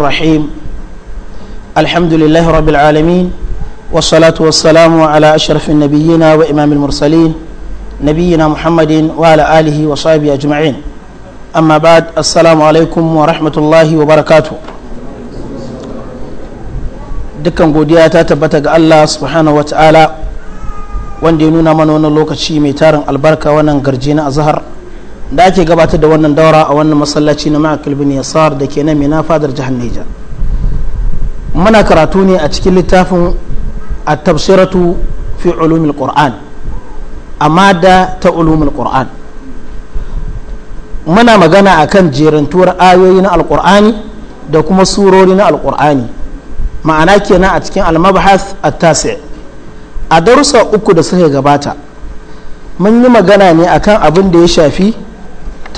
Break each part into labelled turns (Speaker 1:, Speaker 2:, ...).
Speaker 1: الرحيم الحمد لله رب العالمين والصلاة والسلام على أشرف النبيين وإمام المرسلين نبينا محمد وعلى آله وصحبه أجمعين أما بعد السلام عليكم ورحمة الله وبركاته dukkan godiya ta tabbata ga Allah subhanahu wa ta'ala wanda ya nuna mana wannan lokaci mai tarin albarka wannan garji na azhar da ake gabatar da wannan daura a wannan masallaci na ma'akil bin yasar da ke nan mina fadar jihar Niger muna karatu ne a cikin littafin a tafsiratu fi ulumin qur'an amma da ta ulumin qur'an muna magana a akan jerantuwar ayoyi na alqur'ani da kuma surori na alqur'ani ma'ana kenan a cikin almabhas a tasi a darussa uku da suka gabata mun yi magana ne akan abin da ya shafi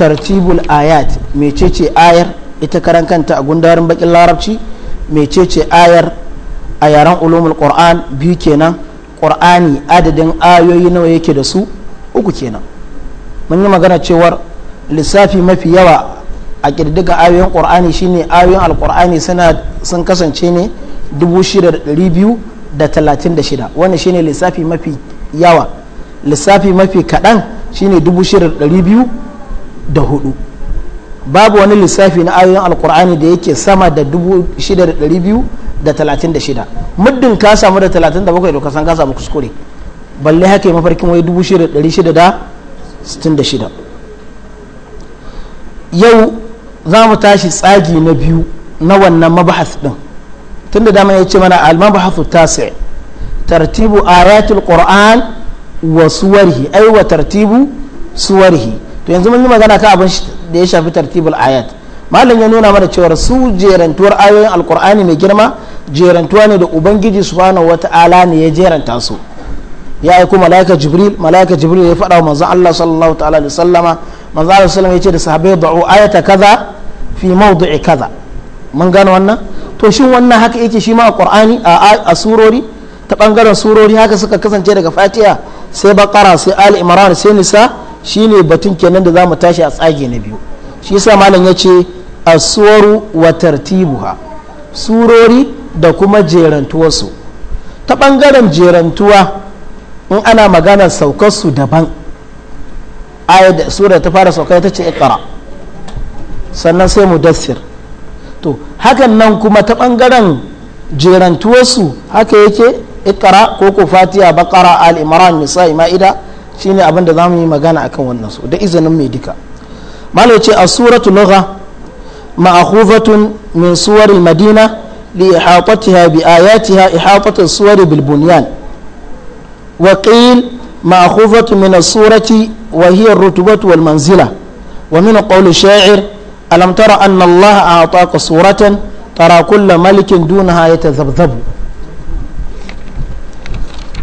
Speaker 1: tartibul ayat mecece ayar ita karan kanta a gundarin bakin larabci mecece ayar a yaren ulumul qur'an biyu kenan qur'ani adadin ayoyi nawa yake da su uku kenan mun yi magana cewar lissafi mafi yawa a ƙididdiga ayoyin qur'ani shine ayoyin alqur'ani suna sun kasance ne 6236 wannan shine lissafi mafi yawa lissafi mafi kaɗan shine 6200 da hudu babu wani lissafi na ayoyin alkur'ani da yake sama da dubu shida da da da biyu talatin shida muddin ka samu da talatin da ka san ka samu kuskure balle haka yi mafarkin wai dubu shida shida da da da sittin shida. yau za mu tashi tsagi na biyu na wannan mabahas din tun da dama ya ce mana al-mabahasu tasi tartibu aratul qur'an wa suwarhi ai tartibu suwarhi to yanzu mun yi magana kan abin da ya shafi tartibul ayat malam ya nuna mana cewa su jerantuwar ayoyin alkur'ani mai girma jerantuwa ne da ubangiji subhanahu wata'ala ne ya jeranta su ya aiko malaika jibril malaika jibril ya faɗa wa manzon Allah sallallahu ta'ala alaihi sallama manzon Allah sallallahu ya ce da sahabbai da'u ayata kaza fi mawdu'i kaza mun gano wannan to shin wannan haka yake shi ma qur'ani a surori ta bangaren surori haka suka kasance daga fatiha sai bakara sai ali imran sai nisa Shi ne batun kenan da za mu tashi a tsage na biyu shi yasa malam ya ce asuwaru wa tartibuha surori da kuma jerantuwarsu ta ɓangaren jerantuwa in ana magana saukarsu daban ayar da sura ta fara sauka ta ce ikara sannan sai mu dasir to hakan nan kuma ta ɓangaren jerantuwarsu haka yake ikara ko ko Fatiya bakara al-imran nisa ma'ida shine abin da zamu yi magana akan wannan su da izinin mai duka malai ce a suratu lugha ma'khufatun min suwaril madina li ihatatiha bi ayatiha ihatatu suwar bil bunyan wa qil ma'khufatun min surati wa hiya ar wal manzila wa min qawli sha'ir alam tara anna Allah a'taka suratan tara kullu malikin dunaha yatazabzabu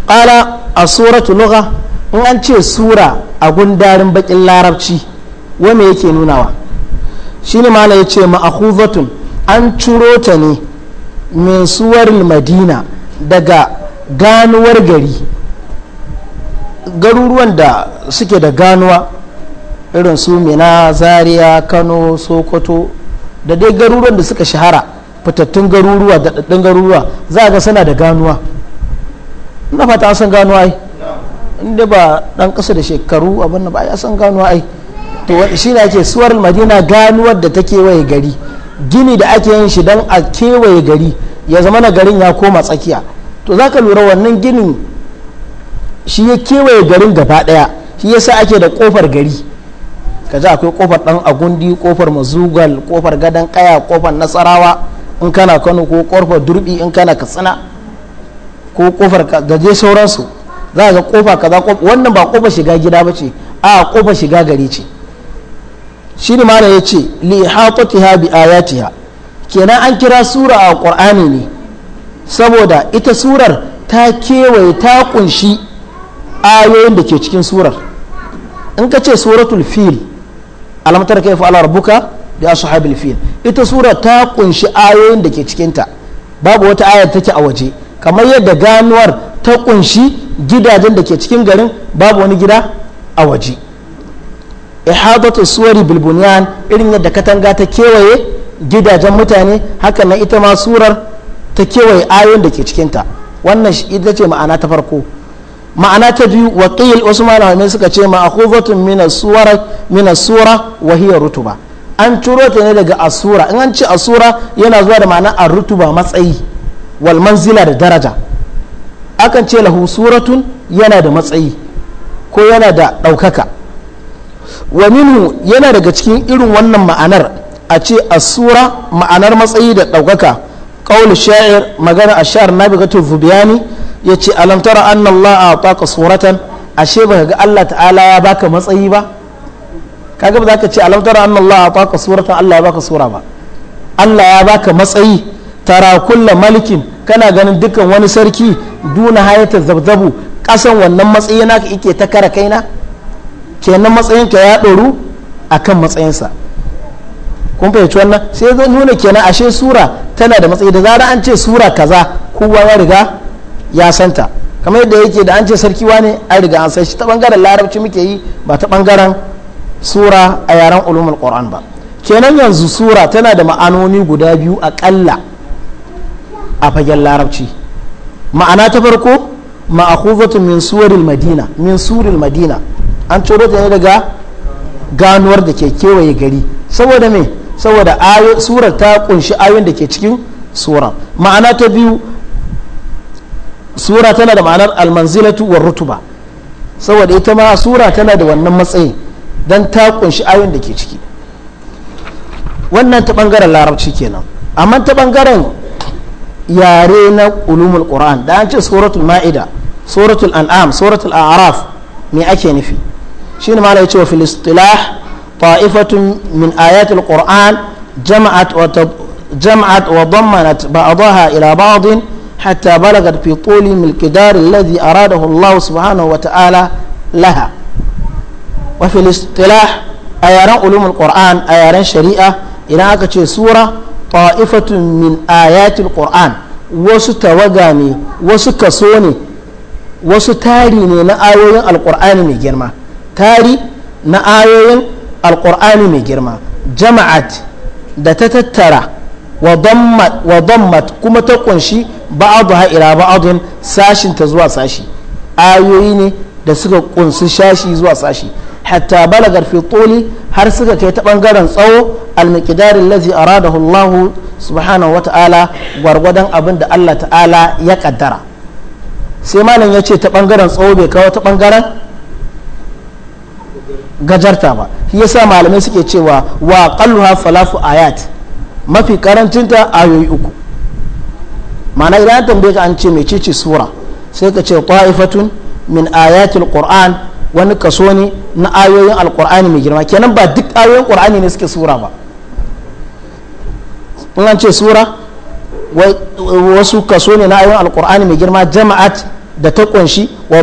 Speaker 1: qala a suratu lugha in an ce sura a gundarin bakin larabci wame yake nunawa shi ne mana ya ce ma'ahuzatun an ciro ta ne min suwar madina daga ganuwar gari garuruwan da suke da ganuwa irin su mina zaria kano sokoto da dai garuruwan da suka shahara fitattun garuruwa da daɗaɗɗun garuruwa za a ga suna da ganuwa na fata an san ganuwa inda ba dan kasa da shekaru abin da ba ya san ganuwa ai to shi ne ake suwar madina ganuwar da ta kewaye gari gini da ake yin shi dan a kewaye gari ya zama na garin ya koma tsakiya to za ka lura wannan ginin shi ya kewaye garin gaba daya shi ya yasa ake da kofar gari ka ji akwai kofar dan agundi kofar mazugal kofar gadan kaya kofar nasarawa in kana kano ko kofar durbi in kana katsina ko kofar gaje sauransu za ga kofa kaza wannan ba kofa shiga gida ba ce a kofa shiga gari ce shi ne mana ya ce li hatatiha bi ayatiha kenan an kira sura a qur'ani ne saboda ita surar ta kewaye ta kunshi ayoyin da ke cikin surar in ka ce suratul fil alamtar kai fa'ala rabbuka bi ashabil fil ita surar ta kunshi ayoyin da ke cikinta babu wata ayar take a waje kamar yadda ganuwar ta kunshi gidajen da ke cikin garin babu wani gida a waje ihadatu suwari bilbuniyan irin yadda katanga ta kewaye gidajen mutane haka na ita ma surar ta kewaye ayoyin da ke cikinta wannan shi ita ce ma'ana ta farko ma'ana ta biyu wakil usman wa suka ce ma'akhudatun min as-sura wa hiya rutuba an ciro ta ne daga asura in an ce asura yana zuwa da ma'ana a rutuba matsayi wal manzila da daraja akan ce lahu suratun yana da matsayi ko yana da ɗaukaka wa minhu yana daga cikin irin wannan ma'anar a ce asura ma'anar matsayi da ɗaukaka ƙaul sha'ir magana a sha'ar na bigatul zubiyani ya ce alamtara an Allah a taka suratan ashe ba ga Allah ta'ala ya baka matsayi ba kaga ba za ka ce alamtara an Allah a taka suratan Allah ya baka sura ba Allah ya baka matsayi tara kulla malikin kana ganin dukkan wani sarki duna hayata zabzabu kasan wannan matsayi naka ike ta kara kaina kenan matsayinka ya ɗoru akan matsayinsa kun fahimci wannan sai zai nuna kenan ashe sura tana da matsayi da zara an ce sura kaza kowa ya riga ya santa kamar yadda yake da an ce sarki wane an riga an san shi ta bangaren larabci muke yi ba ta bangaren sura a yaren ulumul qur'an ba kenan yanzu sura tana da ma'anoni guda biyu akalla a fagen larabci ma'ana ta farko ma'akhuzatun min suwaril madina min suril madina an ciro ta ne daga ganuwar da ke kewaye gari saboda me saboda surar ta kunshi ayoyin da ke cikin sura ma'ana ta biyu sura tana da ma'anar almanzilatu wa rutuba saboda ita ma sura tana da wannan matsayin don ta kunshi ayoyin da ke ciki wannan ta bangaren larabci kenan amma ta bangaren yare na ulumul qur'an da an ce suratul ma'ida suratul an'am suratul a'raf me ake nufi shine malai yace wa fil istilah ta'ifatun min ayatil qur'an jama'at wa jama'at wa ila ba'd hatta balagat fi tuli mil qidar alladhi aradahu Allah subhanahu wa ta'ala laha wa fil istilah ayaran ulumul shari'a idan aka ce sura ta'ifatun min ayatul qur'an wasu tawaga ne wasu kaso ne wasu tari ne na ayoyin alqur'ani mai girma tari na ayoyin alqur'ani mai girma jama'at da ta tattara wa dammat kuma ta kunshi ba'adu ha'ira ba'adun sashin ta zuwa sashi ayoyi ne da suka kunsu sashi zuwa sashi hatta bala garfi tuli har suka kai ta bangaren tsawo almiqdarin lazi aradahu Allah subhanahu wata'ala gwargwadon abin da Allah ta'ala ya kaddara sai malam ya ce ta bangaren tsawo bai kawo ta bangaren gajarta ba shi yasa malamai suke cewa wa qalluha falafu ayat mafi karancinta ayoyi uku ma'ana idan an tambaye ka an ce mecece sura sai ka ce tun min ayatul qur'an wani kaso ne na ayoyin alkur'ani mai girma kenan ba duk ayoyin alkur'ani ne suke sura ba in an ce sura wasu kaso ne na ayoyin alkur'ani mai girma jama'at da ta kunshi wa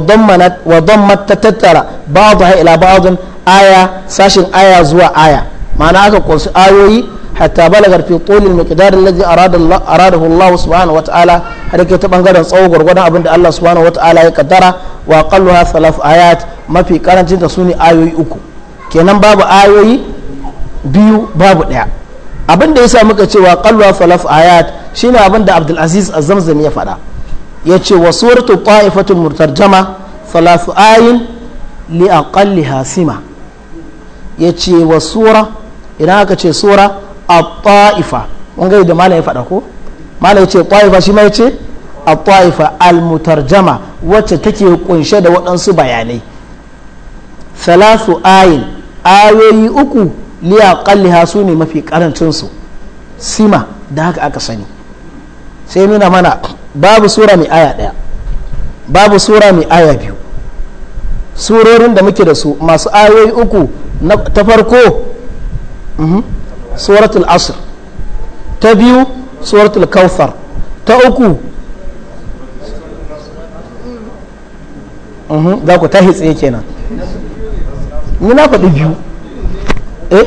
Speaker 1: dammat ta tattara ba'adu ha ila ba'adun aya sashin aya zuwa aya ma'ana aka kunshi ayoyi hatta balagar fi qulil miqdar alladhi aradahu Allah subhanahu wa ta'ala har ke ta bangaren tsawo gurgurdan abin da Allah subhanahu wa ta'ala ya kaddara wa aqalluha thalath ayat mafi karancin su ne ayoyi uku kenan babu ayoyi biyu babu ɗaya abin da yasa muka cewa qalwa falaf ayat shine abin da Abdul Aziz Az-Zamzam ya faɗa yace wa suratu ta'ifatul murtarjama thalathu ayin li aqalli hasima yace wa sura idan aka ce sura at-ta'ifa mun ga da malam ya faɗa ko malam yace ta'ifa shi ma yace at-ta'ifa al-mutarjama wacce take kunshe da waɗansu bayanai salasu ayin ayoyi uku liya kalli su ne mafi karancinsu sima da haka aka sani sai nuna mana babu sura mai aya ɗaya babu sura mai aya biyu surorin da muke da su masu ayoyi uku ta farko uhm, suratul asr ta biyu suratul kawfar ta uku uhm, za ku ta hitsi kenan ni na faɗi biyu eh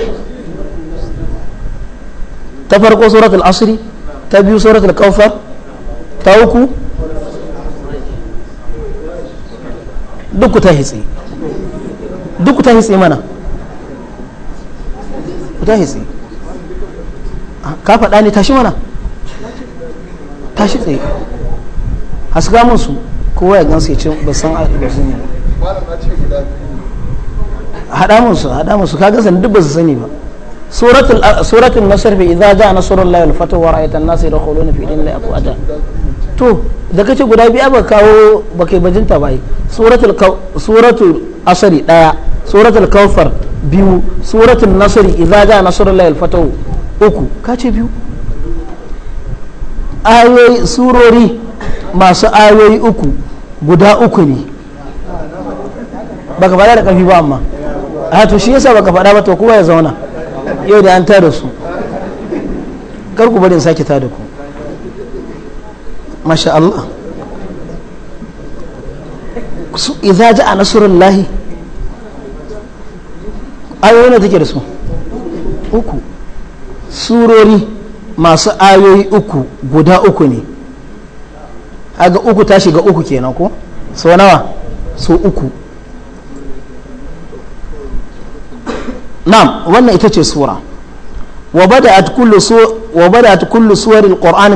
Speaker 1: ta farko suratul asri ta biyu suratul kawfar ta uku duk ta hitsi duk ta hitsi mana ta hitsi ah, ka faɗa ne tashi mana tashi tsaye haska musu kowa ya gansu ya ce ba san ba ne hada musu hada musu kaga san duk ba su sani ba suratul suratul nasr fi idza jaa nasrullahi wal fatu wa ra'aytan nas yadkhuluna fi dinillahi afwaja to da kace guda biya ba kawo ba kai bajinta bai suratul suratul asri daya suratul kawfar biyu suratul nasr idza jaa nasrullahi wal fatu uku kace biyu ayoyi surori masu ayoyi uku guda uku ne baka faɗa da kafi ba amma a ah, to shi yasa baka faɗa ba to kowa ya zauna yau da an tada su kar ku bari in sake tada ku masha Allah su idza ja'a nasrullahi ayoyi ne take da su uku surori masu ayoyi uku guda uku ne aga uku ta shiga uku kenan ko sau nawa sau uku na'am wannan ita ce sura wa bada'at kullu su wa bada'at kullu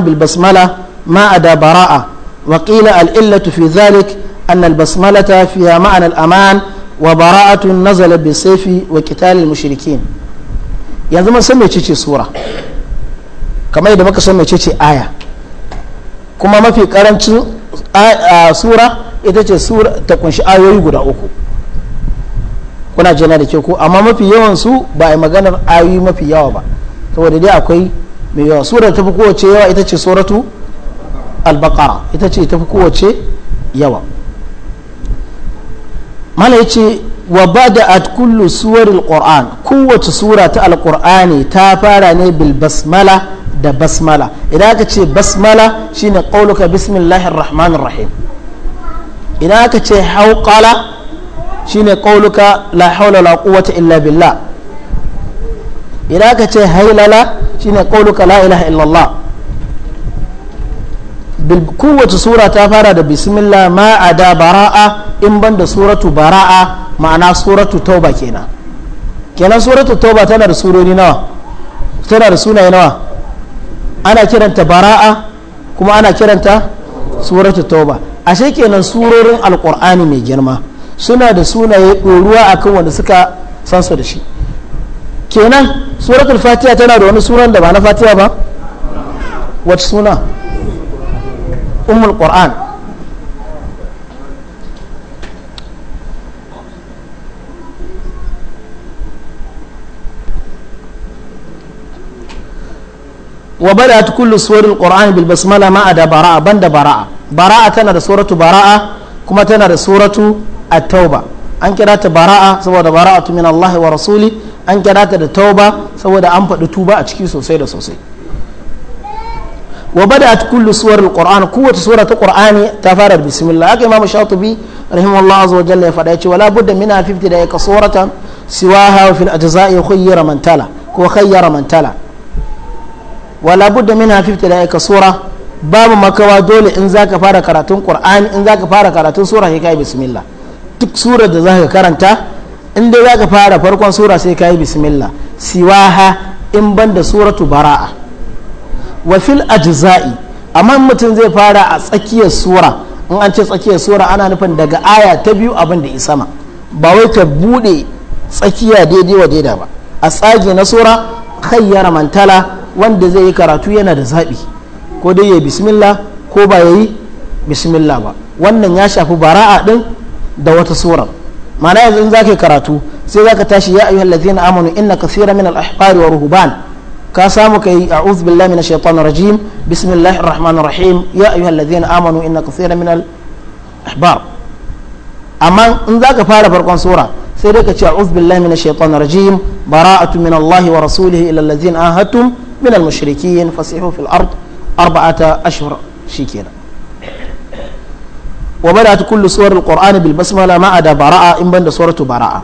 Speaker 1: bil basmala ma ada bara'a wa qila al illatu fi dhalik an al basmalata fiha ma'ana aman wa bara'atun nazala bi sayfi wa qital mushirikin. mushrikin yanzu mun san mece ce sura kamar yadda muka san ce aya kuma mafi karancin sura ita ce sura ta kunshi ayoyi guda uku kuna yana da kyau ko amma mafi yawan su ba a maganar ayoyi mafi yawa ba saboda dai akwai mai yawa sura ta fi kowace yawa ita ce suratu albaqara ita ce ta fi kowace yawa mala yace wa bada'at kullu suwaril qur'an kowace sura ta alqur'ani ta fara ne bil basmala da basmala idan aka ce basmala shine qauluka bismillahir rahmanir rahim idan aka ce hauqala shine qauluka la haula la quwwata illa billah idan ka ce hailala shine qauluka la ilaha illallah bil kowace sura ta fara da bismillah ma ada bara'a in ban da suratu bara'a ma'ana suratu tauba kenan kenan suratu tauba tana da surori nawa tana da sunaye nawa ana kiranta bara'a kuma ana kiranta suratu tauba ashe kenan surorin alqur'ani mai girma suna da sunaye ruwa a kan wanda suka san su da shi kenan suratul fatiha tana da wani suran da ba na fatiha ba wacce suna umul qur'an wa badat kullu suratul qur'an bil basmala ma'a da bara'a banda bara'a bara'a tana da suratu bara'a kuma tana da suratu at-tauba an kira ta bara'a saboda bara'atu min Allah wa rasuli an kira ta da tauba saboda an faɗi tuba a ciki sosai da sosai wa bada'at kullu suwar al-qur'an kowace sura ta qur'ani ta fara bismillah haka imam shatibi rahimahullah azza wa jalla ya faɗa ya ce wala budda min 50 da yaka suratan siwaha wa fil ajza'i khayyara man tala ko khayyara man tala wala budda min 50 da yaka sura babu makawa dole in zaka fara karatun qur'ani in zaka fara karatun sura sai kai bismillah duk surar da za ka karanta in dai za ka fara farkon sura sai ka yi bismillah siwaha in ban da suratu bara'a wa fil ajza'i amma mutum zai fara a tsakiyar sura in an ce tsakiyar sura ana nufin daga aya ta biyu abin da isama ba wai ta bude tsakiya daidai wa daidai ba a tsage na sura khayyara mantala wanda zai yi karatu yana da zaɓi ko dai ya bismillah ko ba ya yi bismillah ba wannan ya shafi bara'a din da wata surar ma'ana yanzu in zaka karatu sai zaka tashi ya ayyuhal ladzina amanu inna kathira min al ahqari wa ruhban ka samu kai a'udhu billahi minash shaitanir rajim bismillahir rahmanir rahim ya ayyuhal ladzina amanu inna kathira min al ahbar amma in ka fara farkon sura sai dai ka ce a'udhu billahi minash shaitanir rajim bara'atu min allahi wa rasulihi ila alladzina ahadtum min al mushrikin fasihu fil ard arba'ata ashhur shikenan wa da kullu suwarul qur'ani bil basmala ma bara'a in banda suratu bara'a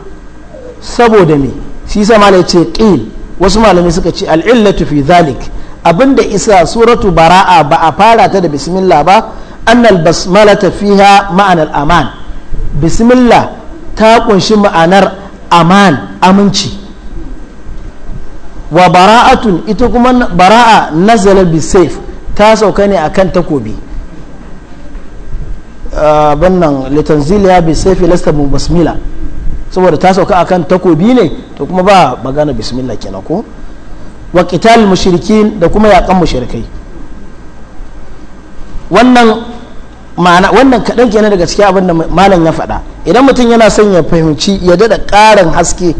Speaker 1: saboda me shi sa malai ce qil wasu malamai suka ce al'illatu illatu fi zalik abinda isa suratu bara'a ba a fara ta da bismillah ba annal basmalata fiha ma'anar aman bismillah ta kunshi ma'anar aman aminci wa bara'atun ita kuma bara'a nazala bi saif ta sauka ne akan takobi abin nan litanziliya bi saifi lasta mu basmila saboda ta sauka akan takobi ne to kuma ba magana bismillah kenan ko wa qital mushrikin da kuma yaƙan mushrikai wannan ma'ana wannan kaɗan kenan daga cikin abin da malam ya faɗa idan mutum yana son ya fahimci ya daɗa ƙarin haske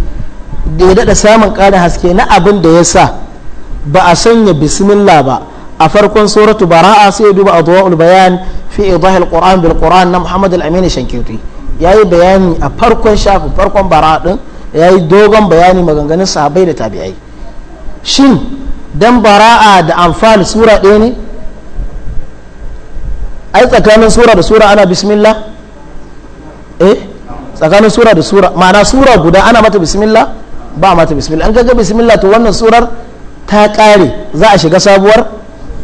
Speaker 1: da ya daɗa samun ƙarin haske na abin da ya sa ba a sanya bismillah ba a farkon suratu bara'a sai ya duba adwa'ul bayan fi idahil qur'an bil qur'an na muhammad al-amin shankiti yayi bayani a farkon shafi farkon bara'a din yayi dogon bayani maganganun sahabbai da tabi'ai shin dan bara'a da anfal sura ɗaya ne ai tsakanin sura da sura ana bismillah eh tsakanin sura da sura ma'ana sura guda ana mata bismillah ba mata bismillah an ga bismillah to wannan surar ta kare za a shiga sabuwar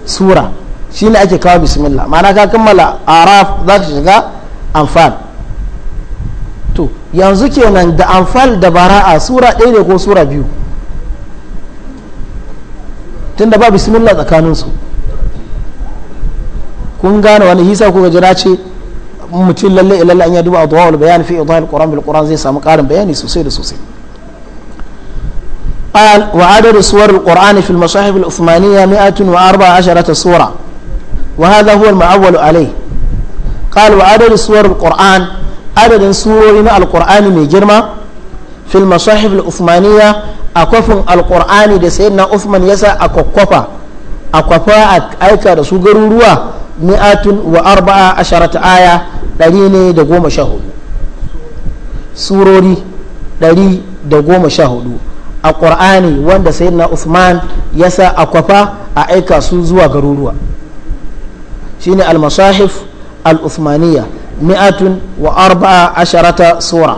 Speaker 1: sura shi ne ake kawo bismillah ma'ana ka kammala araf za ka shiga amfal to yanzu kenan da amfal da bara'a sura ɗaya ne ko sura biyu tunda ba bismillah tsakaninsu kun gane wani hisa ko na ce mutum lalle ilalle an ya duba a bayan fi idhal qur'an bil qur'an zai samu karin bayani sosai da sosai قال وعدد سور القرآن في المصاحف العثمانية 114 سورة وهذا هو المعول عليه قال وعدد سور القرآن عدد سورين القرآن من جرمة في المصاحف العثمانية أكف القرآن دي سيدنا عثمان يسا أكوكوفا أكوفا أيكا رسول قروروا 114 آية دليني دقوم شهود surori 114 a ƙur'ani wanda sayyidina usman ya sa a kwafa a aika su zuwa garuruwa shine al-masahif al-uthmaniyya mi'atun wa arba'a asharata sura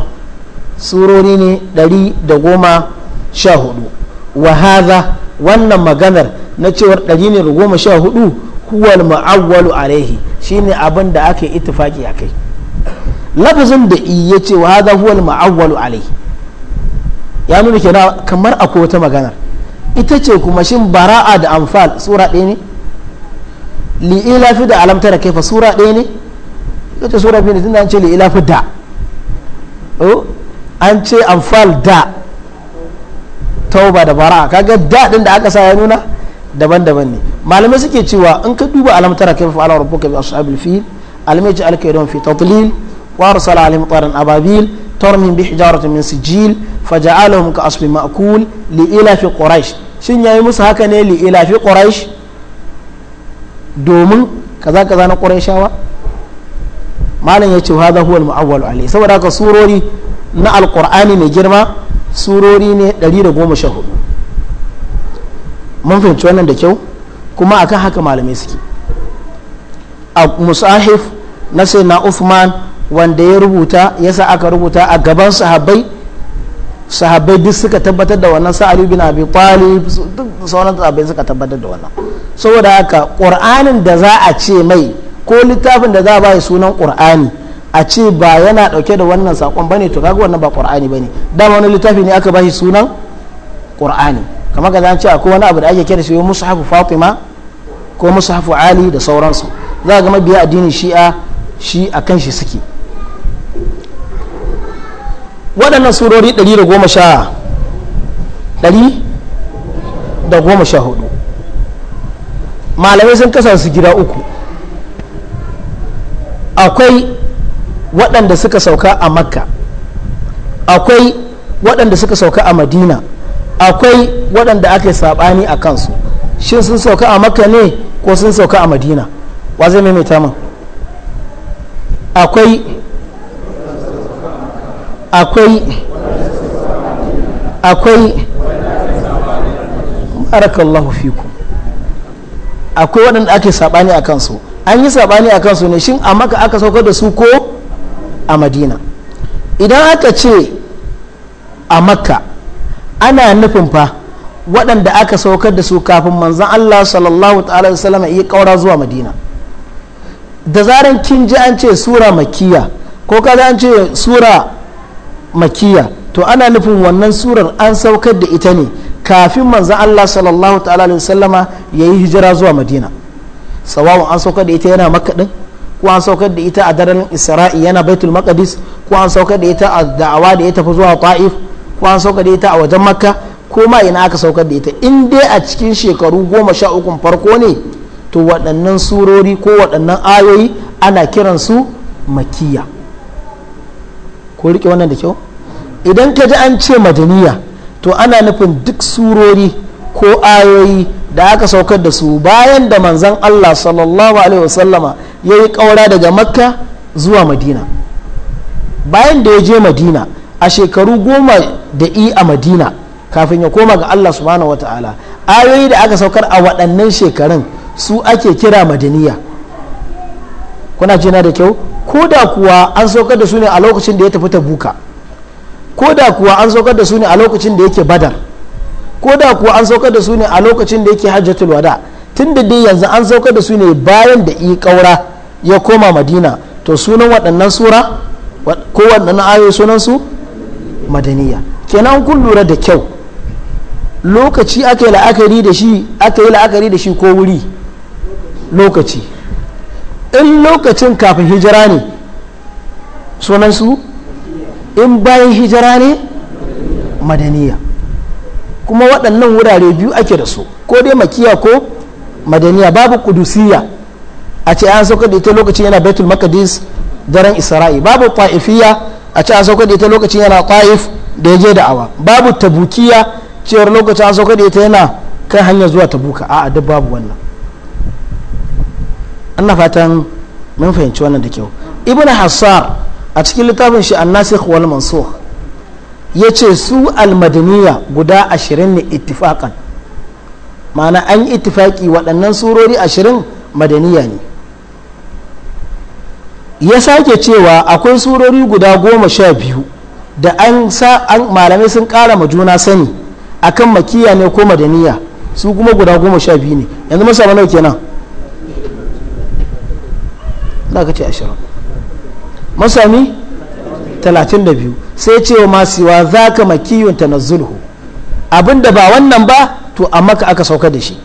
Speaker 1: surori ne ɗari da goma sha hudu wa wannan maganar na cewar ɗari ne da goma sha hudu huwal ma'awwalu alaihi shine abin da aka yi ittifaki a kai lafazin da iya ce wa hadha huwal ma'awwalu alaihi ya nuna kenan kamar akwai wata maganar ita ce kuma shin bara'a da amfal sura ɗaya ne li'ilafi da da kaifa sura ɗaya ne ita sura biyu ne tunda an ce li'ilafi da oh, an ce amfal da tauba da bara'a kaga da ɗin da aka sa ya nuna daban-daban ne malamai suke cewa in ka duba da kaifa fa'ala rabbuka bi ashabil fil alamai ji alkaidon fi tatlil wa arsala alaihim taran ababil tarmin bi hijaratin min sijil faja'alahum ka asfi ma'kul li ila fi quraish shin yayi musu haka ne li ila fi quraish domin kaza kaza na qurayshawa malam yace hadha huwa al-mu'awwal alayhi saboda haka surori na alqur'ani mai girma surori ne 114 mun fahimci wannan da kyau kuma akan haka malamai suke a musahif na sai na Uthman wanda ya rubuta yasa aka rubuta a gaban sahabbai sahabbai duk suka tabbatar da wannan sa'ali bin abi talib duk sauran sahabbai suka tabbatar da wannan saboda haka qur'anin da za a ce mai ko littafin da za a bai sunan qur'ani a ce ba yana dauke da wannan sakon bane to kaga wannan ba qur'ani bane dama wani littafi ne aka bashi sunan qur'ani kamar ka ce akwai wani abu da ake kira shi mushafu fatima ko mushafu ali da sauransu za ga mabiya addinin shi'a shi akan shi suke waɗannan surori 114 malamai sun kasa su gida uku akwai waɗanda suka sauka a makka akwai waɗanda suka sauka a madina akwai waɗanda aka yi saɓani a kansu shin sun sauka a makka ne ko sun sauka a madina wa zai maimaita min akwai akwai akwai barakallahu fiku akwai waɗanda ake saɓani a kansu an yi saɓani a kansu ne shin a maka aka saukar da su ko a madina idan aka ce a makka ana nufin fa waɗanda aka saukar da su kafin manzan allah sallallahu ta'ala salama iya ƙaura zuwa madina da zaran kin ji an ce sura makiya ko kaza an ce sura makiya to ana nufin wannan surar an saukar da ita ne kafin manzan Allah sallallahu ta'ala alaihi sallama ya yi hijira zuwa madina sawawun an saukar da ita yana makaɗin ko an saukar da ita a daren isra'i yana baitul maqdis ko an saukar da ita a da'awa da ya tafi zuwa ta'if ko an saukar da ita a wajen makka ko ma ina aka saukar da ita in dai a cikin shekaru goma sha ukun farko ne to waɗannan surori ko waɗannan ayoyi ana kiransu makiya ko rike wannan da kyau idan ka ji an ce madaniya to ana nufin duk surori ko ayoyi da aka saukar da su bayan da manzan Allah sallallahu alaihi wasallama ya yi ƙaura daga makka zuwa madina bayan da ya je madina a shekaru goma da i a madina kafin ya koma ga Allah subhanahu ta'ala ayoyi da aka saukar a waɗannan shekarun su ake kira madaniya kuna jina da kyau ko da kuwa an saukar da su ne a lokacin da ya tafi ta buka ko da kuwa an saukar da su ne a lokacin da yake badar ko da kuwa an saukar da su ne a lokacin da yake hajjatul wada tun da dai yanzu an saukar da su ne bayan da yi kaura ya koma madina to sunan waɗannan sura ko waɗannan ayoyi sunan su madaniya kenan kun lura da kyau lokaci aka yi la'akari da shi aka yi la'akari da shi ko wuri lokaci in lokacin kafin hijira ne sunansu in bayan hijira ne madaniya kuma waɗannan wurare biyu ake da su ko dai makiya ko madaniya babu kudusiya a ce an sauka da ita lokacin yana baitul makadis daren isra'i babu ta'ifiya a ce an sauka da ita lokacin yana ta'if da ya je da awa babu tabukiya cewar lokacin an sauka da ita yana kan hanyar zuwa tabuka a'a duk babu wannan ana fatan mun fahimci wannan da kyau ibn hassar a cikin littafin shi annasikh wal mansukh yace su almadaniya guda ashirin ne ittifaqan ma'ana an yi ittifaki waɗannan surori ashirin madaniya ne ya sake cewa akwai surori guda goma sha biyu da an sa an malamai sun ƙara ma juna sani akan makiya ne ko madaniya su kuma guda goma sha biyu ne yanzu masu nawa kenan za ka ce ashirin masami talatin da biyu sai ce wa masuwa za ka makiyun ta nazulhu abinda ba wannan ba to a maka aka sauka da shi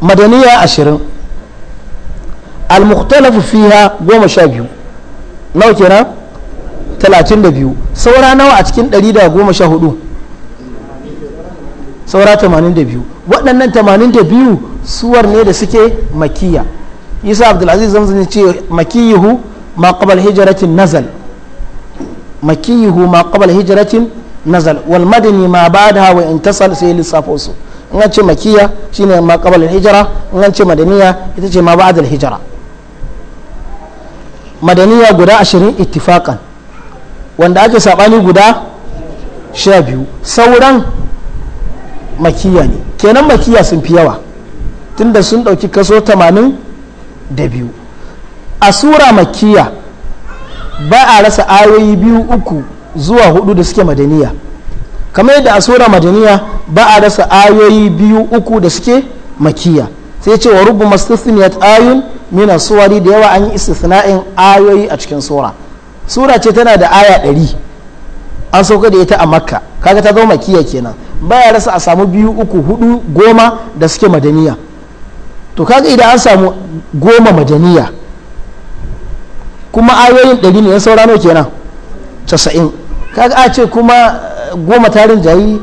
Speaker 1: madaniya ashirin al-mukhtalafu fiha goma sha biyu nawa kenan saura nawa a cikin ɗari saura tamanin waɗannan tamanin suwar ne da suke makiya yasa abdulaziz zan ce makiyihu ma qabal hijratin nazal makiyihu ma qabal hijratin nazal wal madani ma ba'daha wa intasal sai lissafo su in an ce makiya shine ma qabal hijra in an ce madaniya ita ce ma ba'da al hijra madaniya guda 20 ittifaqan wanda ake sabani guda 12 sauran makiya ne kenan makiya sun fi yawa tunda sun dauki kaso 80 da biyu a sura makiya ba a rasa ayoyi biyu uku zuwa hudu da suke madaniya kamar yadda a sura madaniya ba a rasa ayoyi biyu uku da suke makiya sai cewa wa rubu mastisniyat ayun mina suwari da yawa an yi istisna'in ayoyi a cikin sura sura ce tana da aya ɗari an sauka da ita a makka kaga ta zama makiya kenan baya rasa a samu biyu uku hudu goma da suke madaniya to kaga idan an samu goma majaniya kuma ayoyin ɗari ne yan saura nawa kenan casa'in kaga a ce kuma eh, goma tarin jayi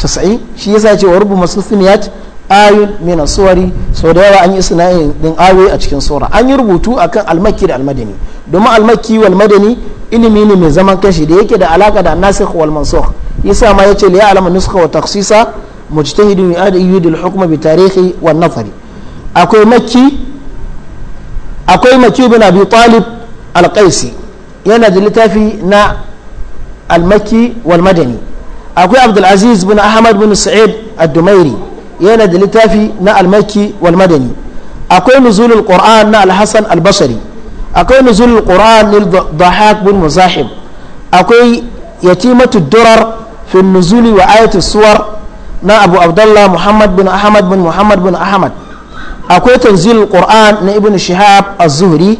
Speaker 1: casa'in shi yasa ce wa rubu masu simiyat ayun mina suwari sau da yawa an yi sina'in ɗin ayoyi a cikin saura an yi rubutu akan almakki da almadani domin almakki wa almadani ilimi ne mai zaman kashi da yake da alaka da nasir wal mansukh yasa ma ya ce liya alama nuska wa taksisa mujtahidun yu'adi yi da hukma bi tarihi wan nazari akwai makki akwai makki bin abi talib alƙaisi yana da littafi na almakki wal madani akwai aziz bin ahmad bin sa'id ad-dumairi yana da littafi na almakki wal madani akwai nuzulul qur'an na alhassan albasari akwai nuzulul qur'an lil dhahak bin muzahib akwai yatimatu durar fi nuzuli wa ayatu suwar na abu abdullah muhammad bin ahmad bin muhammad bin ahmad akwai tanzil qur'an na ibn shihab az-zuhri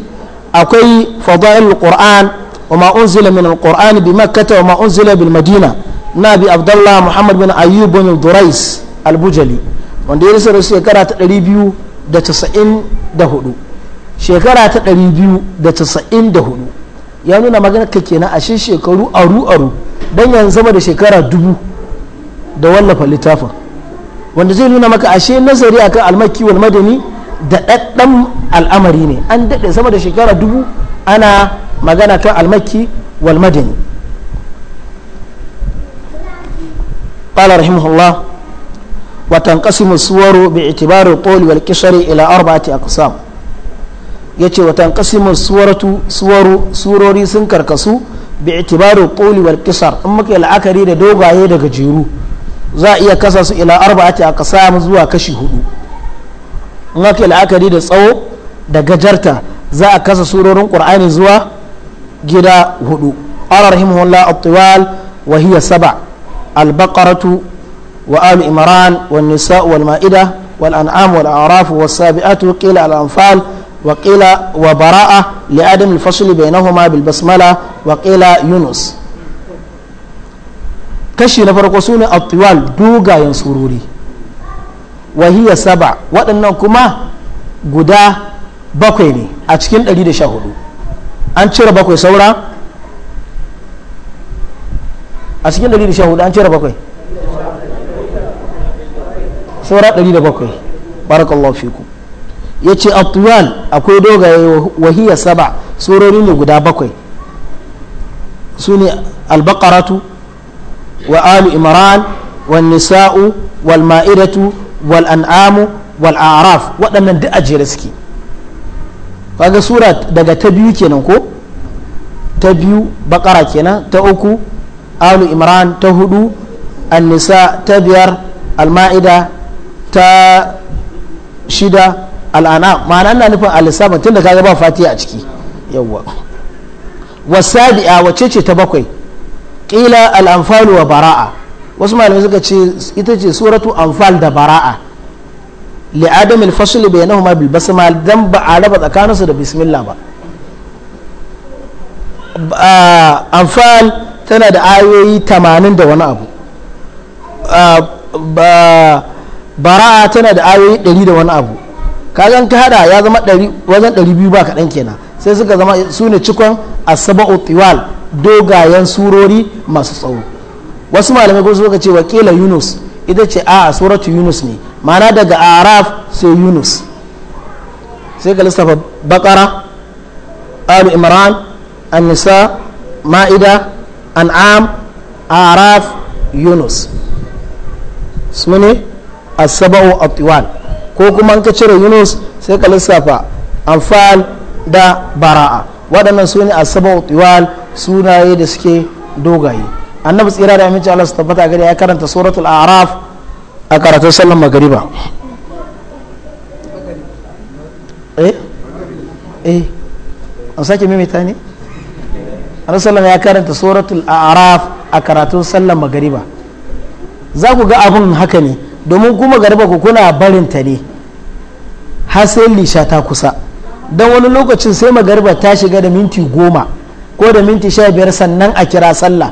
Speaker 1: akwai fadail qur'an wa ma unzila min al-qur'an bi makkah wa ma unzila bil madina nabi abdullah muhammad bin ayyub bin durais al-bujali wanda ya rasu shekara ta 294 shekara ta 294 ya nuna magana ka kenan a shekaru aru aru dan yanzu da shekara dubu da wallafa littafin wanda zai nuna maka ashe nazari akan almakki wal da daddan al'amari ne an daɗe sama da shekara dubu ana magana kan almakki wal madani qala rahimahullah wa suwaru bi itibari wal qishri ila arba'ati aqsam yace wa tanqasimu suwaru surori sun karkasu bi itibari al wal qishar amma kai la'akari da dogaye daga jiru za a iya kasa su ila arba'ati a kasa zuwa kashi hudu in aka la'akari da tsawo da gajarta za a kasa surorin qur'ani zuwa gida hudu qala rahimahullah at-tiwal wa hiya saba al-baqaratu wa al imran wan nisa wal ma'ida wal an'am wal a'raf was sabi'atu qila al anfal وقيل وبراءة لعدم الفصل بينهما بالبسملة waƙila yunus. kashi na farko su ne attiwal dogayen surori wahiya saba waɗannan kuma guda bakwai ne a cikin 114 an cire bakwai saura a cikin 114 an cire bakwai saura 107 barakallahu fiku ya ce attiwal akwai dogaye wahiya saba sururi ne guda bakwai su ne albakaratu wa alu وآل إمران والنساء والمائدة والأنعام والأعراف waɗannan duk ajiyar suke ga sura daga ta kenan ko ta biyu kenan ta uku alu imran ta hudu annisa ta biyar alma'ida ta shida al'ana ma'ana na nufin alisaba tun da kaga ba fatiha a ciki yawwa wasabi'a wace ce ta bakwai kila al'amfal wa bara'a wasu malamai suka ce ita ce suratu amfal da bara'a li adam al-fasl bainahuma bil ma dan ba a raba tsakaninsu da bismillah ba amfal tana da ayoyi tamanin da wani abu bara'a tana da ayoyi dari da wani abu kagan ka hada ya zama wajen ɗari biyu ba kaɗan kenan sai suka zama su ne cikon asaba'u tiwal dogayen surori masu tsawo wasu malamai ko suka ce wakila yunus ita ce a suratu yunus ne mana daga araf sai yunus sai ka lissafa bakara alu imran nisa ma'ida an'am araf yunus su ne asaba'u atiwal ko kuma ka cire yunus sai ka lissafa amfani da bara'a waɗannan su ne asaba'u atiwal sunaye da suke dogaye annabi tsira da aminci Allah su tabbata gari ya karanta suratul araf a karatun sallan magariba eh eh an sake mimita ne annabi sallan ya karanta suratul araf a karatun sallan magariba za ku ga abun haka ne domin kuma gariba ku kuna barin ta ne har sai lisha ta kusa don wani lokacin sai magariba ta shiga da minti goma ko da minti sha biyar sannan a kira sallah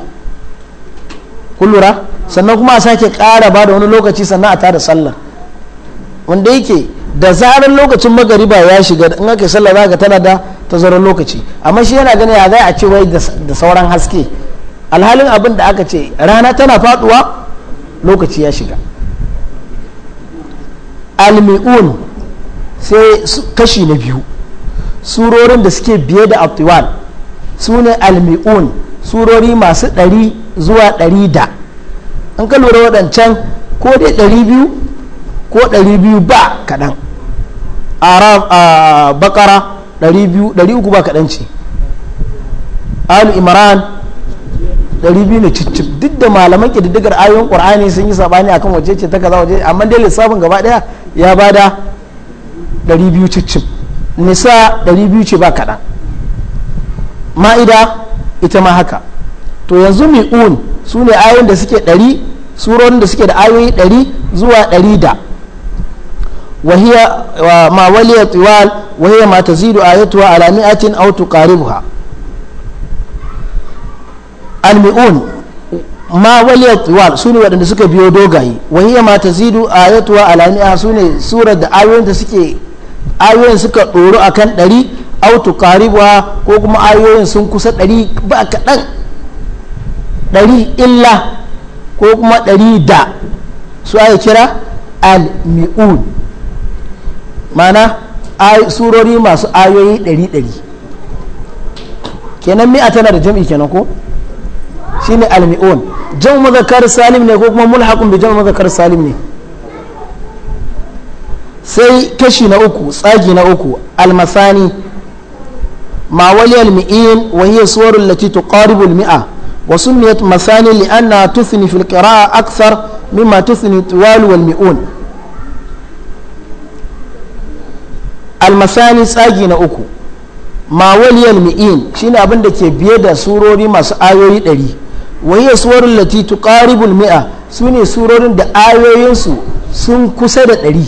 Speaker 1: kullura sannan kuma a sake kara ba da wani lokaci sannan a tada sallah wanda yake da zarar lokacin magariba ya shiga in aka sallah za ka tana da tazarar lokaci amma shi yana ganin ya zai a ce wai da sauran haske alhalin abin da aka ce rana tana faduwa lokaci ya shiga almi'un sai kashi na biyu surorin da suke biye da abtiwal su ne almi'un surori masu ɗari zuwa ɗari da an ka lura waɗancan ko dai ɗari biyu ko ɗari biyu ba kaɗan a bakara ɗari biyu ɗari uku ba kaɗan ce al imran ɗari biyu ne cicci duk da malaman ƙididdigar ayoyin ƙur'ani sun yi saɓani akan waje ce ta kaza waje amma dai lissafin gaba ɗaya ya bada ɗari biyu cicci nisa ɗari biyu ce ba kaɗan ma'ida ita ma haka to yanzu mi'un su ne ayoyin da suke ɗari suronin da suke da ayoyi ɗari zuwa ɗari da ma waliya tiwal wahiya ma ta ayatuwa al mi'un ma tiwal su ne waɗanda suka biyo dogayi ma ta ayatuwa su ne surar da ayoyin da suke ayoyin suka ɗoro ɗari autu karibuwa ko kuma ayoyin sun kusa dari ba kaɗan dari illa ko kuma dari da su ake kira al-mi'un mana surori masu ayoyi dari dari kenan mi'a tana da jam'i kenan ko shine al-mi'un jan mazakar salim ne ko kuma mulhakun bi jan mazakar salim ne sai kashi na uku tsagi na uku almasani ما ولي المئين وهي صور التي تقارب المئة وسميت مثاني لأنها تثني في القراءة أكثر مما تثني الطوال والمئون المثاني ساجين أكو ما ولي المئين شين أبندك بيدا سوروري ما سآيوي دلي وهي صور التي تقارب المئة سوني سورورين دا آيوي ينسو سن كسر دلي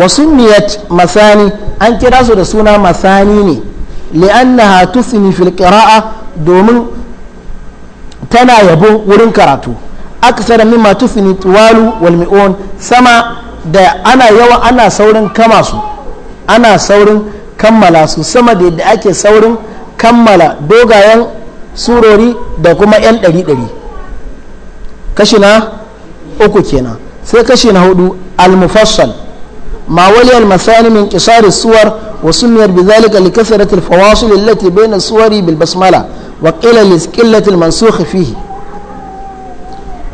Speaker 1: wa miyat masani an kira su da suna masani ne li'annaha tusni fil filkiraa domin tana yabo wurin karatu aksara mimma tusni tuwalu walmi'on sama da ana yawa ana saurin kama su ana saurin kammala su sama da yadda ake saurin kammala dogayen surori da kuma 'yan ɗari-ɗari kashi na uku kenan sai kashi na hudu al ما ولي المثاني من قصار السور وسميت بذلك لكثرة الفواصل التي بين السور بالبسملة وقيل لقلة المنسوخ فيه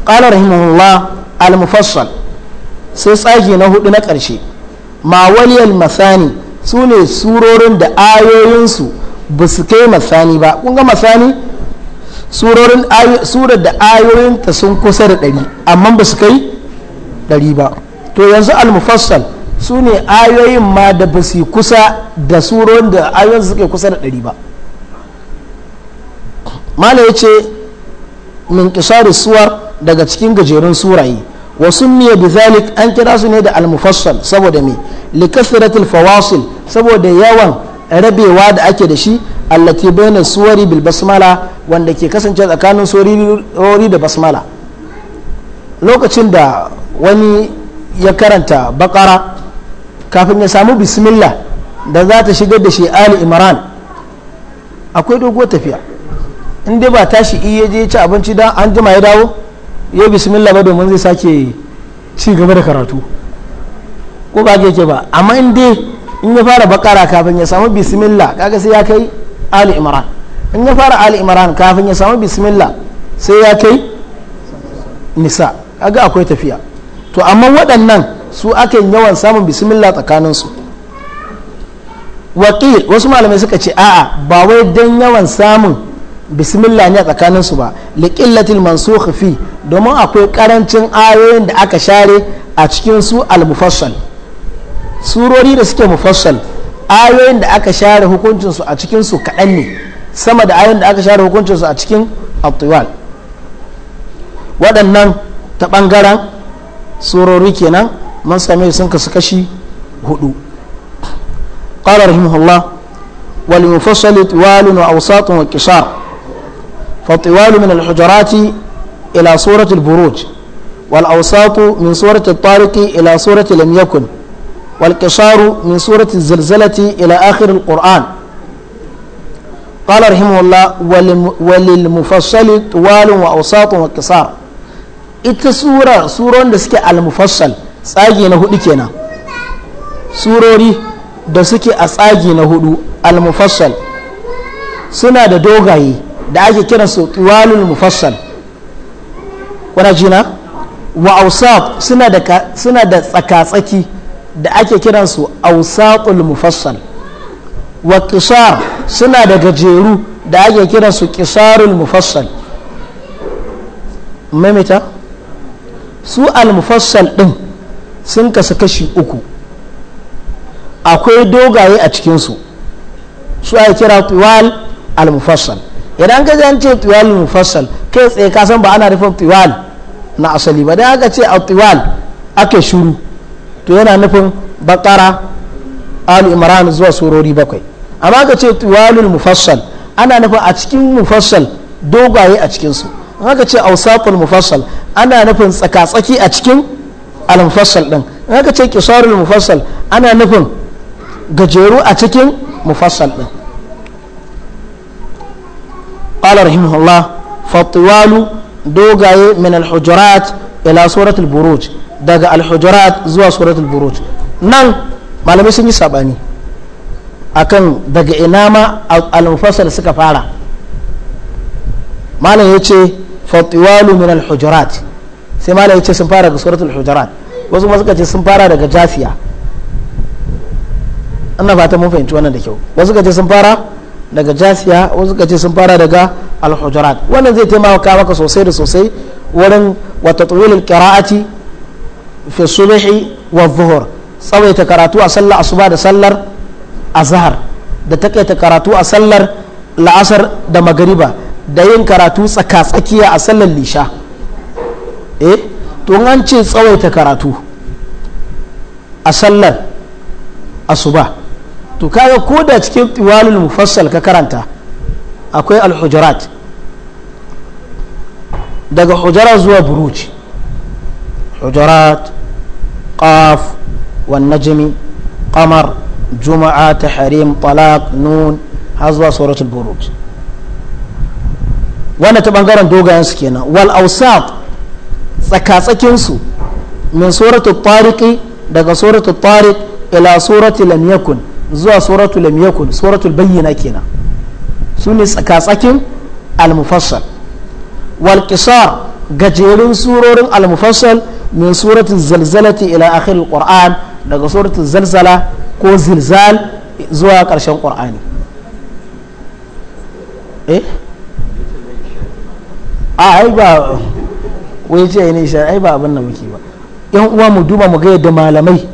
Speaker 1: قال رحمه الله المفصل سيساجي نهو نكرشي ما ولي المثاني سوني سورورن دا آيوينسو بسكي مثاني با كونغا مثاني surorin surar da ayoyinta sun kusa da ɗari amma ba su kai ɗari ba to yanzu al-mufassal su ne ayoyin ma da ba su kusa da surorin da ayoyin suke kusa da ɗari ba mala ya ce min kisari suwar daga cikin gajerun suraye wa sunniya bizalik an kira su ne da almufassal saboda me likasratil fawasil saboda yawan rabewa da ake da shi allati baina suwari bil basmala wanda ke kasance tsakanin suwari da basmala lokacin da wani ya karanta bakara kafin ya samu bismillah da za ta shigar da shi ali imran akwai doguwar tafiya in dai ba tashi iya je ci abinci da an jima ya dawo ya bismillah ba domin zai sake ci gaba da karatu ko ba ke ba amma in in ya fara bakara kafin ya samu bismillah kaga sai ya kai ali imran in ya fara ali imran kafin ya samu bismillah sai ya kai nisa kaga akwai tafiya to amma waɗannan su ake yawan samun bismillah tsakaninsu wakil wasu malamai suka ce a'a ba wai don yawan samun bismillah ne a tsakaninsu ba liƙillatil masu fi domin akwai karancin ayoyin da aka share a cikin su al-mufassal surori da suke mufassal ayoyin da aka share hukuncinsu a cikin su kaɗan ne sama da ayoyin da aka share hukuncinsu a cikin abtuwal waɗannan ta ɓangaren surori kenan mansame sun kasu kashi hudu قال رحمه الله والمفصل طوال وأوساط وكسار فالطوال من الحجرات إلى صورة البروج والأوساط من صورة الطارق إلى صورة لم يكن والكسار من صورة الزلزلة إلى آخر القرآن قال رحمه الله وللمفصل طوال وأوساط وكسار إتسورة سورة, سورة المفصل tsagi na hudu kenan surori da suke a tsagi na hudu al-mufassal suna da dogaye da ake kiransu tuwalul mufassal kuna jina wa ausaf suna da tsaka-tsaki da ake kiransu ausatul mufassal wa qisar suna da gajeru da ake kiransu qisarul mufassal mamita su al-mufassal din sun kasa kashi uku akwai dogaye a cikinsu su a kira tiwal al-mufassal idan ka an ce tiwal al-mufassal kai tsaye ka san ba ana nufin tiwal na asali ba dan aka ce a tiwal ake shuru to yana nufin bakara al-imran zuwa surori bakwai amma ka ce al mufassal ana nufin a cikin mufassal dogaye a cikinsu haka ce ausatul mufassal ana nufin tsaka-tsaki a cikin al-mufassal din ka ce qisarul mufassal ana nufin gajeru a cikin mufassal din qala rahimahullah fatwalu dogaye min al-hujurat ila suratul buruj daga al-hujurat zuwa suratul buruj nan malamai sun yi sabani akan daga ina ma al-mufassal suka fara malam yace fatwalu min al-hujurat sai mala ce sun fara daga suratul hujurat wasu ma suka ce sun fara daga jafiya ana fata mun fahimci wannan da kyau wasu ka ce sun fara daga jafiya wasu ka ce sun fara daga al wannan zai taimaka maka sosai da sosai wurin wata tatwil kira'ati fi subhi wa dhuhr tsawaita karatu a sallar asuba da sallar azhar da takaita karatu a sallar la'asar da magariba da yin karatu tsaka tsakiya a sallar lisha eh to an ce tsawaita karatu a sallar asuba to kaga ko da cikin tiwalul mufassal ka karanta akwai al-hujurat daga hujara zuwa buruj hujurat qaf wan najmi qamar juma'a tahrim talaq nun har zuwa suratul buruj wannan ta bangaren dogayen su kenan wal awsat tsakatsakinsu min suratu tariqi daga suratu tariq ila suratu lamyakun zuwa suratu lam yakun bayyina kenan su ne tsakatsakin al-mufassal wal qisar gajerun surorin almufassal mufassal min suratu zalzalati ila akhir quran daga suratu zalzala ko zilzal zuwa karshen qur'ani eh a ah, ba wai ce ne shi ai ba abin da muke ba yan uwa mu duba mu ga yadda malamai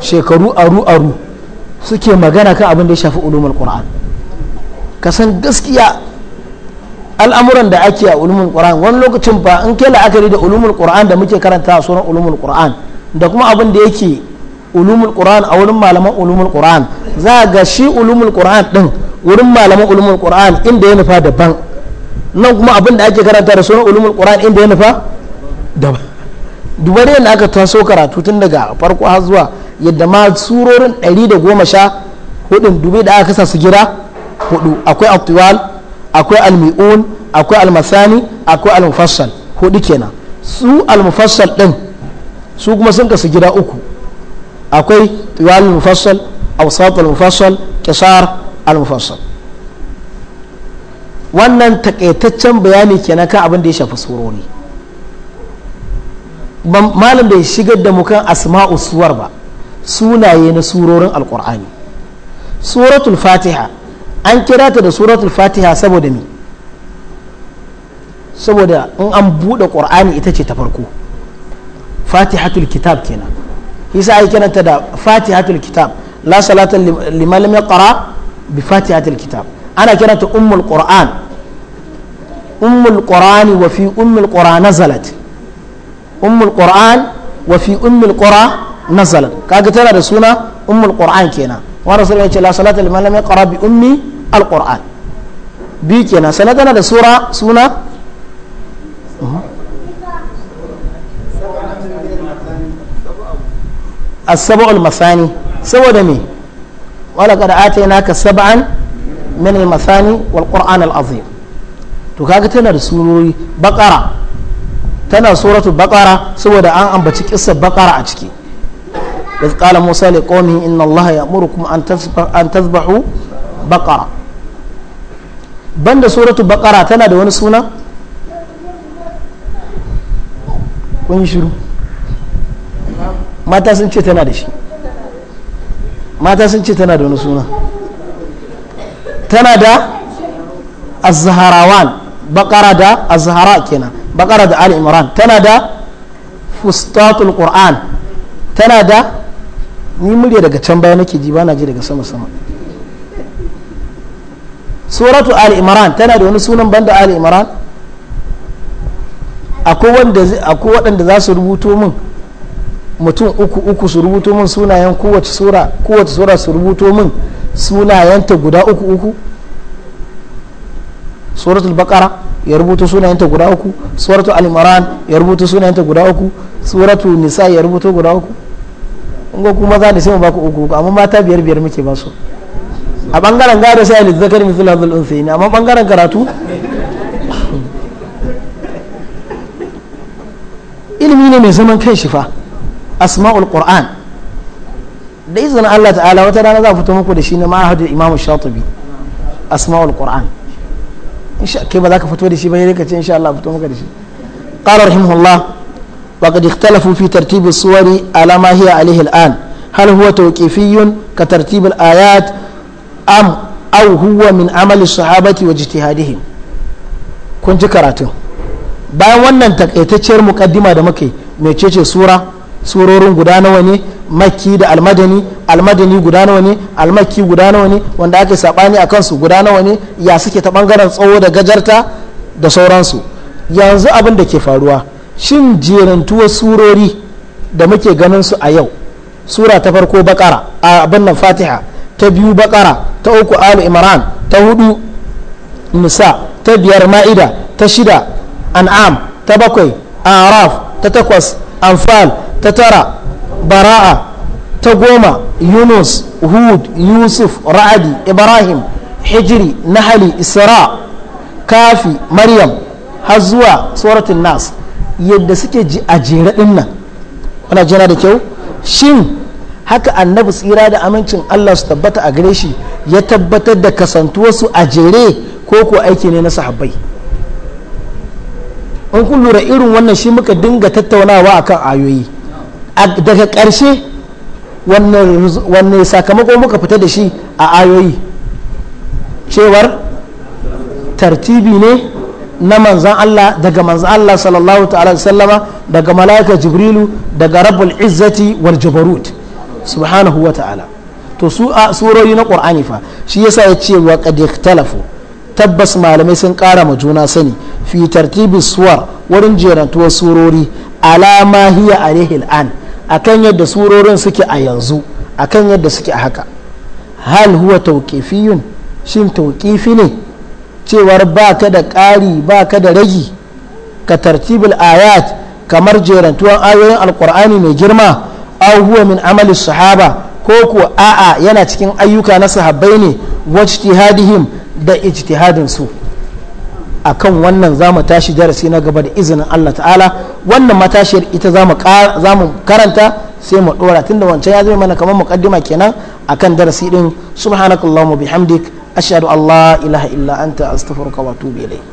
Speaker 1: shekaru aru aru suke magana kan abin da ya shafi ulumul qur'an ka san gaskiya al'amuran da ake a ulumul qur'an wani lokacin ba in kai la'akari da ulumul qur'an da muke karanta a sunan ulumul qur'an da kuma abin da yake ulumul qur'an a wurin malaman ulumul qur'an za ga shi ulumul qur'an din wurin malaman ulumul qur'an inda ya nufa daban nan kuma abin da ake karanta da sunan ulumul qur'an inda ya nufa daban yadda aka taso karatu tun daga farko har zuwa yadda ma surorin 114 dubi da aka kasa su gira hudu akwai atiwal akwai almi'un akwai almasani akwai almufassal hudu kenan su almufassal din su kuma sun kasu gida uku akwai tiwal almufassal awsat almufassal kisar almufassal wannan takaitaccen bayani kenan kan abin da ya shafi surori malam bai shigar da mu kan asma'u suwar ba sunaye na surorin alkur'ani suratul fatiha an kira ta da suratul fatiha saboda mi saboda in an buɗe ƙur'ani ita ce ta farko fatihatul kitab kenan yasa ai kiranta da fatihatul kitab la salata liman lam yaqra bi fatihatul kitab ana kiranta ummul qur'an ummul qur'ani wa fi ummul qur'an nazalat ummul qur'an wa fi ummul qura ka kaga tana da suna ummul qur'an kenan wa rasulullahi la salata liman lam yaqra ummi bi kenan da السبع المثاني سوى دمي ولقد آتيناك سبعا من المثاني والقرآن العظيم to kaga tana da tana suratu baqara saboda an ambaci kissar baqara a ciki إذ قال موسى لقومه إن الله يأمركم أن تذبحوا an تذبحوا بقرة Banda سورة بقرة tana da wani suna kun shiru mata sun ce tana da shi mata sun ce tana da wani suna tana da azharawan bakara da azhara kenan bakara da ali imran tana da fustatul qur'an tana da ni murya daga can baya nake ji ba na ji daga sama sama suratu ali imran tana da wani sunan banda ali imran akwai waɗanda za su rubuto min mutum uku uku su rubuto min sunayen kowace sura kowace sura su rubuto min sunayenta guda uku uku suratul baqara ya rubuta sunayenta guda uku suratu al-imran ya rubuta sunayenta guda uku suratu nisa ya rubuta guda uku in ga kuma za ni sai mu baku uku amma mata biyar biyar muke ba su a bangaren gado sai alil zakar mithlu hadhal unthayn amma bangaren karatu ilimi ne mai zaman kan shi fa asma'ul qur'an da izinin Allah ta'ala wata rana za a fito muku da shi na ma'ahadul imam shatibi asma'ul qur'an kai ba za ka fito da shi ba ne ka ce insha Allah fito maka da shi qala rahimahullah wa qad ikhtalafu fi tartib as-suwari ala ma hiya alayhi al-an hal huwa tawqifiyyun ka tartib al-ayat am aw huwa min amali as-sahabati wa ijtihadihim kun ji karatu bayan wannan takaitacciyar mukaddima da muke mecece sura surorin guda nawa ne makki da almadani almadani guda nawa ne almakki guda nawa ne wanda ake sabani a kansu guda nawa ne ya suke ta bangaren tsawo da gajarta da sauransu yanzu abin da ke faruwa shin jerantuwar surori da muke ganin su a yau sura ta farko bakara abin nan fatiha ta biyu bakara ta uku alu imran ta hudu nisa ta biyar ma'ida ta shida an'am ta bakwai araf ta takwas anfal ta tara bara'a ta goma yunus hud yusuf ra'adi ibrahim hijri nahali isra kafi maryam har zuwa tsoratin nas yadda suke ji a jere din nan wana jana da kyau shin haka annabi tsira da amincin allah su tabbata a gare shi ya tabbatar da kasantuwarsu a jere ko ko aiki ne na sahabbai in kun lura irin wannan shi muka dinga tattaunawa akan ayoyi daga ƙarshe wanne sakamako muka fita da shi a ayoyi cewar tartibi ne na manzan Allah daga manzan Allah sallallahu ta'ala sallama daga mala'ika jibrilu daga rabbul izzati wal jabarut subhanahu wa ta'ala to su a surori na qur'ani fa shi yasa ya ce wa qad ikhtalafu tabbas malamai sun kara ma juna sani fi tartibi suwar wurin jerantuwar surori alama hiya alaihi al'an akan yadda surorin suke a yanzu akan yadda suke a haka hal huwa tauqifiyun shin tauqifi ne cewar ba ka da ƙari ba ka da ragi ka tartibul ayat kamar jerantuwan ayoyin alkur'ani mai girma aw huwa min amalin sahaba ko ko a'a yana cikin ayyuka na sahabbai ne wajtihadihim da ijtihadin su a kan wannan za mu tashi darasi na gaba da izinin Allah ta'ala wannan matashiyar ita za mu karanta sai mu dora tunda wancan ya zama mana kamar muqaddima kenan a akan darasi din subhanakallahumma bihamdik ashhadu an la ilaha illa anta astaghfiruka wa atubu ilayk